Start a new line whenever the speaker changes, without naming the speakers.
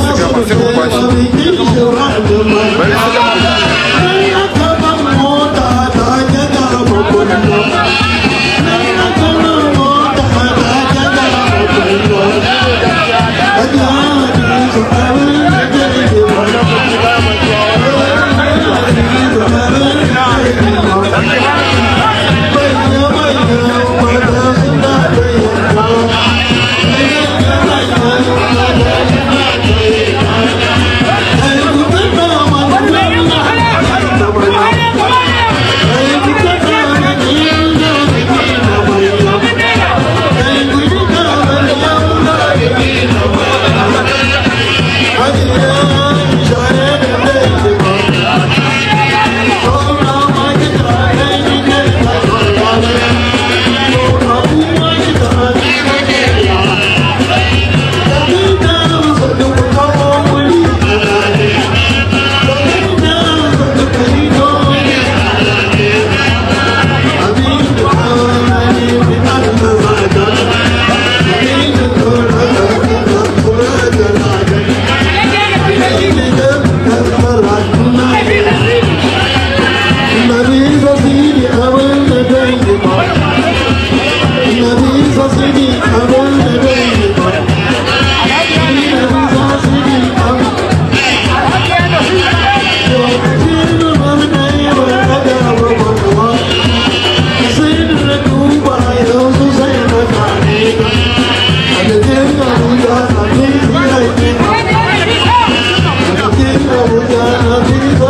Beleza, calma, você não pode. Viva!